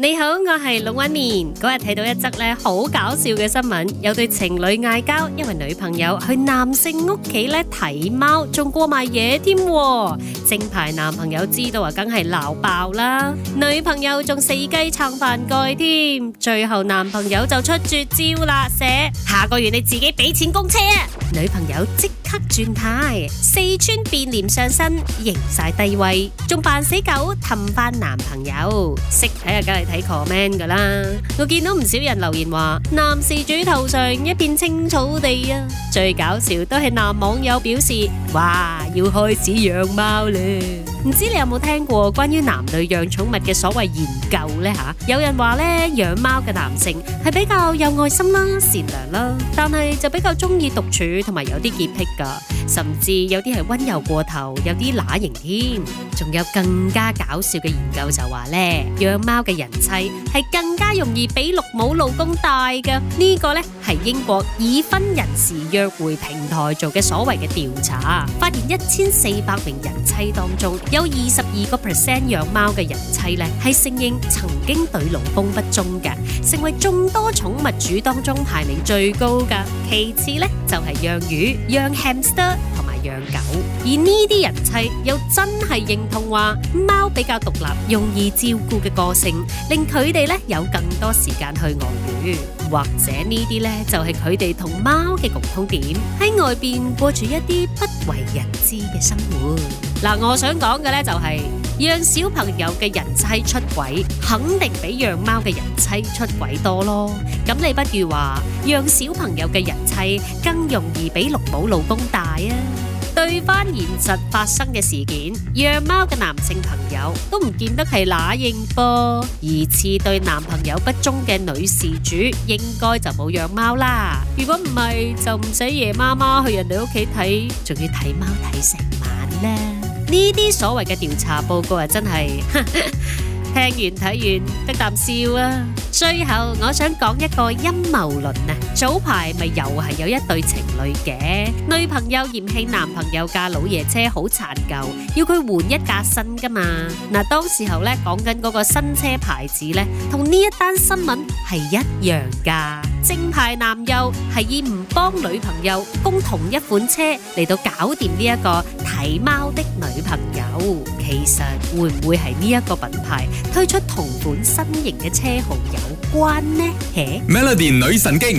你好，我係龍紋敏。嗰日睇到一則咧好搞笑嘅新聞，有對情侶嗌交，因為女朋友去男性屋企咧睇貓，仲過埋嘢添。正牌男朋友知道啊，梗係鬧爆啦。女朋友仲死雞撐飯蓋添，最後男朋友就出絕招啦，寫下個月你自己俾錢供車啊。女朋友即刻轉態，四川變臉上身，認晒低位，仲扮死狗氹翻男朋友。識睇下梗係。睇 comment 噶啦，我見到唔少人留言話，男事主頭上一片青草地啊！最搞笑都係男網友表示，哇，要開始養貓啦！唔知你有冇聽過關於男女養寵物嘅所謂研究呢？吓、啊？有人話呢，養貓嘅男性係比較有愛心啦、善良啦，但係就比較中意獨處同埋有啲潔癖噶。甚至有啲係溫柔過頭，有啲乸型添，仲有更加搞笑嘅研究就話呢，養貓嘅人妻係更加容易俾綠帽老公戴噶。呢、這個呢係英國已婚人士約會平台做嘅所謂嘅調查，發現一千四百名人妻當中，有二十二個 percent 養貓嘅人妻呢係承認曾經對老公不忠噶，成為眾多寵物主當中排名最高噶。其次呢，就係、是、養魚、養 hamster。同埋養狗，而呢啲人妻又真係認同話貓比較獨立、容易照顧嘅個性，令佢哋咧有更多時間去外遊，或者呢啲咧就係佢哋同貓嘅共通點，喺外邊過住一啲不為人知嘅生活。嗱，我想講嘅咧就係、是。養小朋友嘅人妻出軌，肯定比養貓嘅人妻出軌多咯。咁你不如話，養小朋友嘅人妻更容易比綠帽老公戴啊？對翻現實發生嘅事件，養貓嘅男性朋友都唔見得係乸型噃。疑似對男朋友不忠嘅女事主，應該就冇養貓啦。如果唔係，就唔使夜媽媽去人哋屋企睇，仲要睇貓睇成晚啦。呢啲所謂嘅調查報告啊，真係 聽完睇完得啖笑啊！最後我想講一個陰謀論啊。早排咪又係有一對情侶嘅女朋友嫌棄男朋友架老爺車好殘舊，要佢換一架新噶嘛？嗱，當時候咧講緊嗰個新車牌子咧，同呢一單新聞係一樣噶。正牌男友係以唔幫女朋友供同一款車嚟到搞掂呢一個睇貓的女朋友，其實會唔會係呢一個品牌推出同款新型嘅車號有關呢？咩？Melody 女神經。